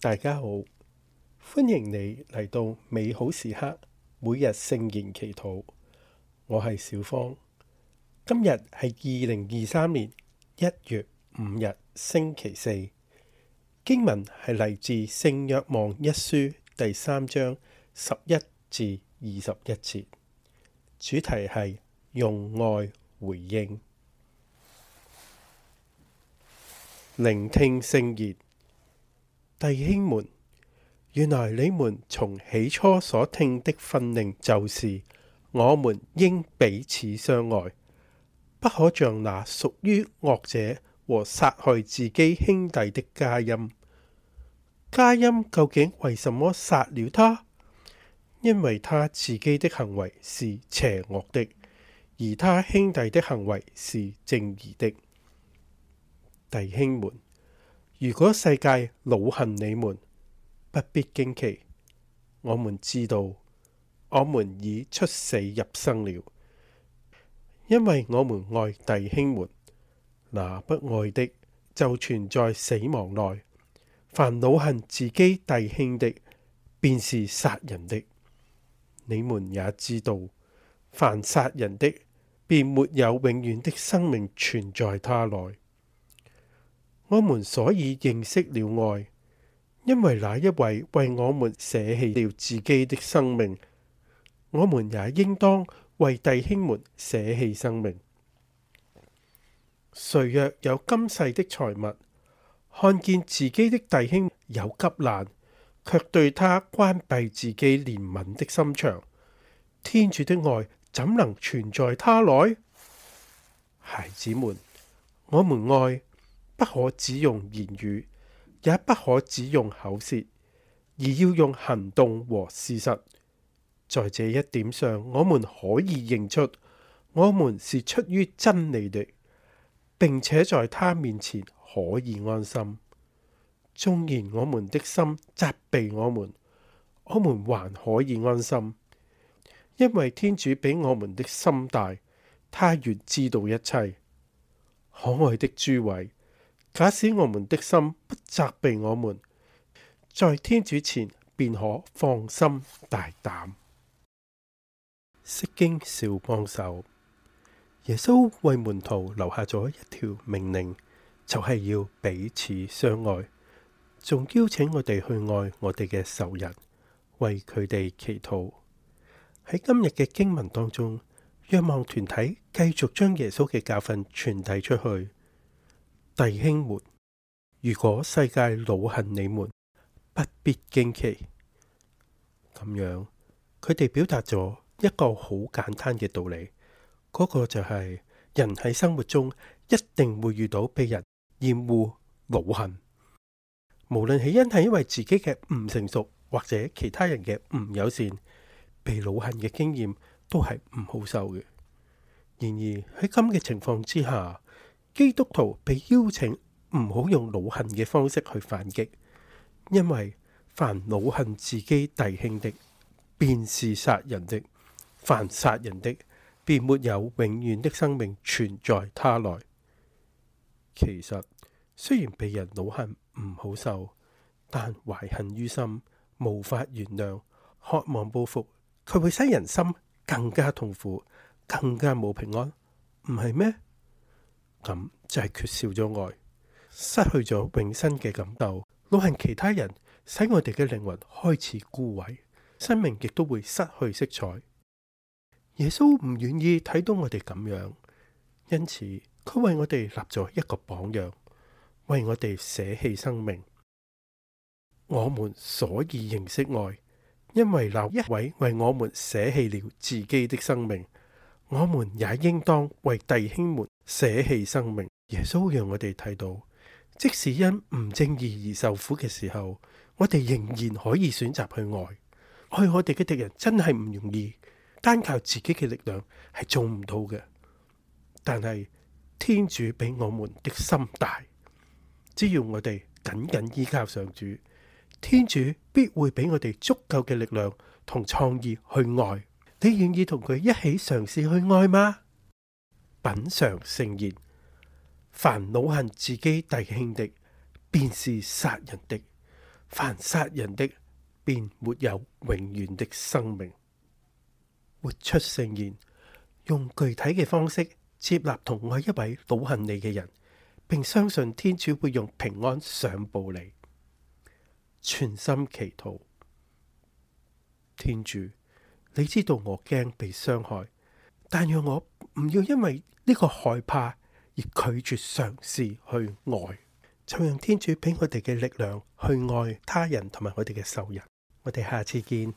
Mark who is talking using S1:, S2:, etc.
S1: 大家好，歡迎你嚟到美好時刻每日聖言祈禱。我係小芳。今日係二零二三年一月五日星期四。經文係嚟自聖約望一書第三章十一至二十一節，主題係用愛回應。聆聽聖言。弟兄們，原來你們從起初所聽的訓令就是：我們應彼此相愛，不可像那屬於惡者和殺害自己兄弟的加音。加音究竟為什麼殺了他？因為他自己的行為是邪惡的，而他兄弟的行為是正義的。弟兄們。如果世界惱恨你們，不必驚奇。我們知道，我們已出死入生了，因為我們愛弟兄們。那不愛的，就存在死亡內。凡惱恨自己弟兄的，便是殺人的。你們也知道，凡殺人的，便沒有永遠的生命存在他內。我們所以認識了愛，因為那一位為我們捨棄了自己的生命，我們也應當為弟兄們捨棄生命。誰若有今世的財物，看見自己的弟兄有急難，卻對他關閉自己憐憫的心腸，天主的愛怎能存在他內？孩子們，我們愛。不可只用言語，也不可只用口舌，而要用行動和事實。在這一點上，我們可以認出我們是出於真理的，並且在他面前可以安心。縱然我們的心責備我們，我們還可以安心，因為天主比我們的心大，他原知道一切。可愛的諸位。假使我們的心不責備我們，在天主前便可放心大膽。釋經小幫手，耶穌為門徒留下咗一條命令，就係、是、要彼此相愛，仲邀請我哋去愛我哋嘅仇人，為佢哋祈禱。喺今日嘅經文當中，若望團體繼續將耶穌嘅教訓傳遞出去。弟兄們，如果世界惱恨你們，不必驚奇。咁樣，佢哋表達咗一個好簡單嘅道理，嗰、那個就係、是、人喺生活中一定會遇到被人厭惡、惱恨。無論起因係因為自己嘅唔成熟，或者其他人嘅唔友善，被惱恨嘅經驗都係唔好受嘅。然而喺噉嘅情況之下，基督徒被邀請唔好用惱恨嘅方式去反擊，因為凡惱恨自己弟兄的，便是殺人的；凡殺人的，便沒有永遠的生命存在他內。其實雖然被人惱恨唔好受，但懷恨於心、無法原諒、渴望報復，佢會使人心更加痛苦、更加冇平安，唔係咩？咁就係缺少咗愛，失去咗永生嘅感受，惱恨其他人，使我哋嘅靈魂開始枯萎，生命亦都會失去色彩。耶穌唔願意睇到我哋咁樣，因此佢為我哋立咗一個榜樣，為我哋捨棄生命。我們所以認識愛，因為那一位為我們捨棄了自己的生命，我們也應當為弟兄們。捨棄生命，耶穌讓我哋睇到，即使因唔正義而受苦嘅時候，我哋仍然可以選擇去愛。愛我哋嘅敵人真係唔容易，單靠自己嘅力量係做唔到嘅。但係天主比我們的心大，只要我哋緊緊依靠上主，天主必會俾我哋足夠嘅力量同創意去愛。你願意同佢一起嘗試去愛嗎？品嘗聖言，凡惱恨自己弟兄的，便是殺人的；凡殺人的，便沒有永遠的生命。活出聖言，用具體嘅方式接納同愛一位惱恨你嘅人，並相信天主會用平安賞報你。全心祈禱，天主，你知道我驚被傷害，但讓我唔要因為。呢個害怕而拒絕嘗試去愛，就讓天主俾我哋嘅力量去愛他人同埋我哋嘅仇人。我哋下次見。